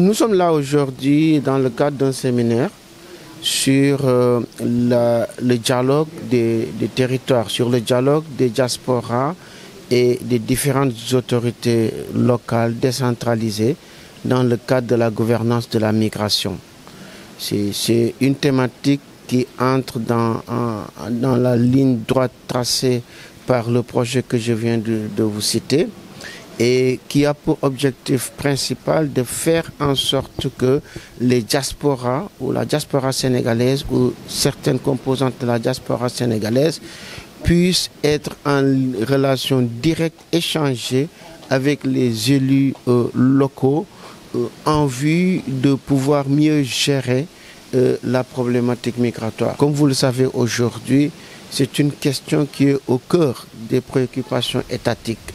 Nous sommes là aujourd'hui dans le cadre d'un séminaire sur euh, le dialogue des, territoires, sur le dialogue des diasporas et des différentes autorités locales décentralisées dans le cadre de la gouvernance de la migration. C'est une thématique qui entre dans, la ligne droite tracée par le projet que je viens de vous citer et qui a pour objectif principal de faire en sorte que les diasporas ou la diaspora sénégalaise ou certaines composantes de la diaspora sénégalaise puissent être en relation directe, échangée avec les élus euh, locaux euh, en vue de pouvoir mieux gérer euh, la problématique migratoire. Comme vous le savez aujourd'hui, c'est une question qui est au cœur des préoccupations étatiques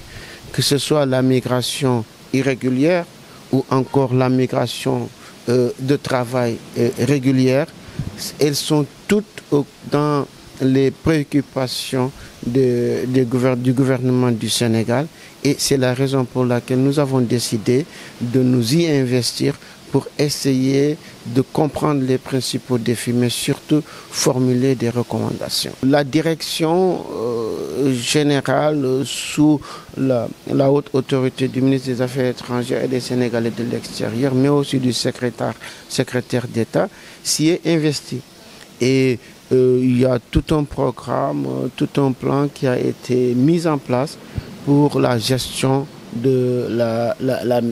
que ce soit la migration irrégulière ou encore la migration euh, de travail euh, régulière, elles sont toutes dans les préoccupations du gouvernement du Sénégal et c'est la raison pour laquelle nous avons décidé de nous y investir pour essayer de comprendre les principaux défis, mais surtout formuler des recommandations. La direction euh, général sous la, haute autorité du ministre des Affaires étrangères et des Sénégalais de l'extérieur, mais aussi du secrétaire, d'État, s'y est investi. Et euh, il y a tout un programme, tout un plan qui a été mis en place pour la gestion de la,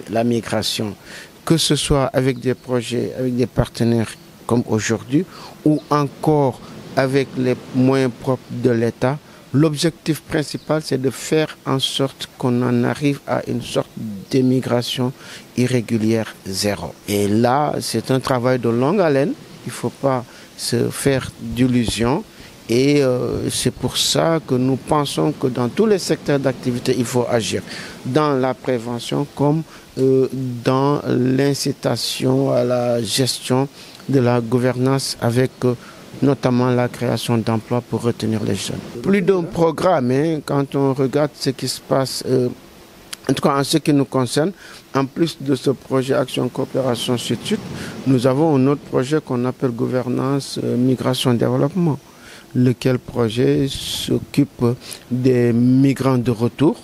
la migration, que ce soit avec des projets, avec des partenaires comme aujourd'hui, ou encore avec les moyens propres de l'État L'objectif principal, c'est de faire en sorte qu'on en arrive à une sorte d'émigration irrégulière zéro. Et là, c'est un travail de longue haleine. Il ne faut pas se faire d'illusions. Et euh, c'est pour ça que nous pensons que dans tous les secteurs d'activité, il faut agir. Dans la prévention comme euh, dans l'incitation à la gestion de la gouvernance avec euh, notamment la création d'emplois pour retenir les jeunes. Plus d'un programme, hein, quand on regarde ce qui se passe, euh, en tout cas en ce qui nous concerne, en plus de ce projet Action Coopération sud nous avons un autre projet qu'on appelle Gouvernance euh, Migration Développement, lequel projet s'occupe des migrants de retour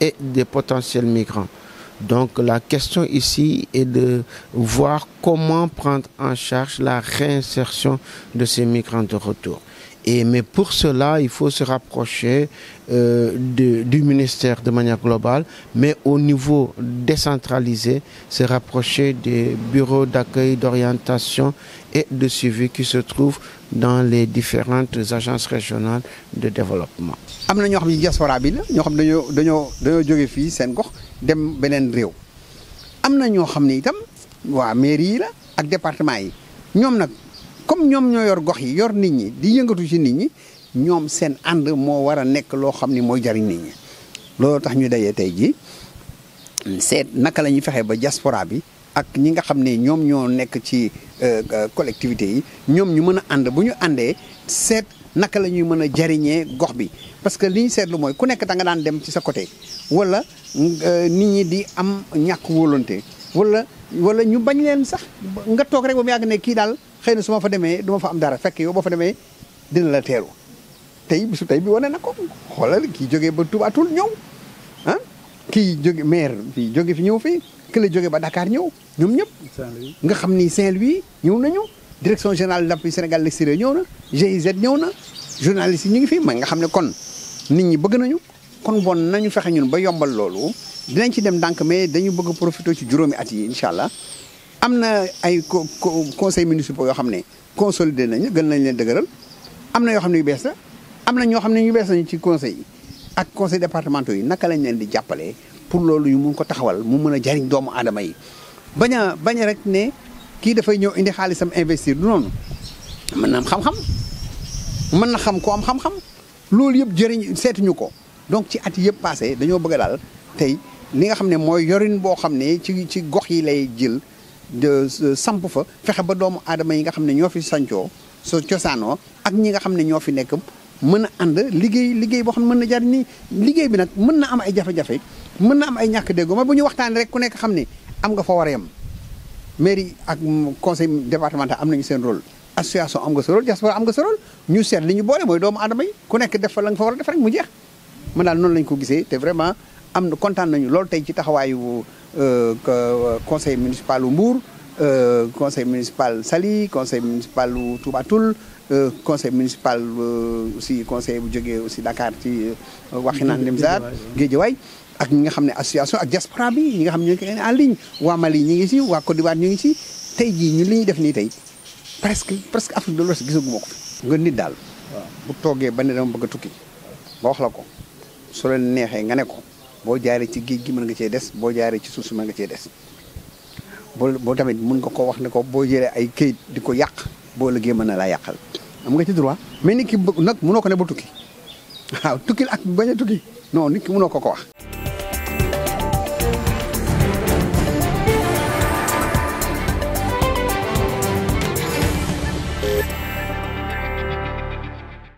et des potentiels migrants. Donc la question ici est de voir comment prendre en charge la réinsertion de ces migrants de retour mais pour cela, il faut se rapprocher euh, du ministère de manière globale, mais au niveau décentralisé, se rapprocher des bureaux d'accueil, d'orientation et de suivi qui se trouvent dans les différentes agences régionales de développement. comme ñom ñoy yor gox yi yor nit ñi di yëngatu ci nit ñi ñom seen and mo wara nek lo xamni moy ni nit ñi lo tax ñu dajee tay ji set naka lañu fexé ba diaspora bi ak ñi nga xamné ñom ñoo nek ci euh, euh, collectivité yi ñom ñu mëna and ànd bu ñu àndee seet naka lañuy mëna jariñé gox bi parce que li sétlu moy ku nek da nga daan dem ci sa côté wala euh, nit ñi di am ñak volonté wala wala ñu bañ leen sax nga toog rek ba mu yàgg ne kii daal xëy na su fa demee du fa am dara fekk yow boo fa demee dina la teeru tey tey bi wane na ko xoolal kii jógee ba tubaatul ñëw ah kii jóge maire fii jóge fi ñëw fii kële jóge ba Dakar ñëw ñoom ñëpp nga xam ni Saint-Louis ñëw na ñëw direction générale d'appui Sénégal l'extérieur ñëw na GIZ ñëw na journalistes yi ñu ngi fi ma nga xam ne kon nit ñi bëgg nañu kon bon nañu fexe ñun ba yombal loolu dinañ ci dem ndànk mais dañu bëgg a profité ci juróomi at yi incha allah am na ay conseil municipal yoo xam ne consolidé nañu gën nañ leen dëgëral am na yoo xam ne yu bees la am na ñoo xam ne ñu bees nañu ci conseil ak conseil départementaux yi naka lañ leen di jàppale pour loolu ñu mun ko taxawal mu mën a jariñ doomu aadama yi bañ a bañ a rek ne kii dafay ñëw indi xaalisam investir du noonu mën na am xam-xam mën na xam ko am xam-xam loolu yëpp jëriñ seetuñu ko donc ci at yëpp passé dañoo bëgg daal tey li nga xam ne mooy yorin boo xam ne ci ci gox yi lay jël samp fa fexe ba doomu aadama yi nga xam ne ñoo fi sancoo soo cosaanoo ak ñi nga xam ne ñoo fi nekk mën a ànd liggéey liggéey boo ne mën na jariñ ni liggéey bi nag mën na am ay jafe-jafe mën na am ay ñàkk déggoo ma bu ñu waxtaanee rek ku nekk xam ne am nga fa war a yem mairie ak conseil départemental am seen rôle association am nga sa rôle diaspora am nga sa rôle ñu seet li ñu boole mooy doomu aadama yi ku nekk def fa la nga fa war a def rek mu jeex mën daal noonu lañ ko gisee te vraiment am na kontaan nañu loolu tey ci taxawaayu euh, euh, conseil municipal u Mbour euh, conseil municipal Saly conseil municipal u Touba Toul conseil municipal euh, aussi conseil bu jógee aussi Dakar ci Waxinaan Nimzaat Guédiawaye ak ñi nga xam association ak diaspora bi ñi nga xam ñu ngi en ligne wa Mali ñi ngi ci wa Côte d'Ivoire ñu ngi ci tay ji ñu li ñuy def ni tay presque presque Afrique de l'Ouest gisaguma ko fi nga nit dal bu toggé ba ne dama bëgg tukki ba wax la ko su leen neexee nga ne ko boo jaaree ci géej gi mën nga cee des boo jaaree ci suuf si mën nga cee des boo boo tamit mun nga ko wax ne ko boo jëlee ay këyit di ko yàq boo liggéey mën na laa yàqal am nga ci droit mais nit ki nag mënoo ko ne ba tukki waaw tukkil ak baña a tukki non nit ki mënoo ko ko wax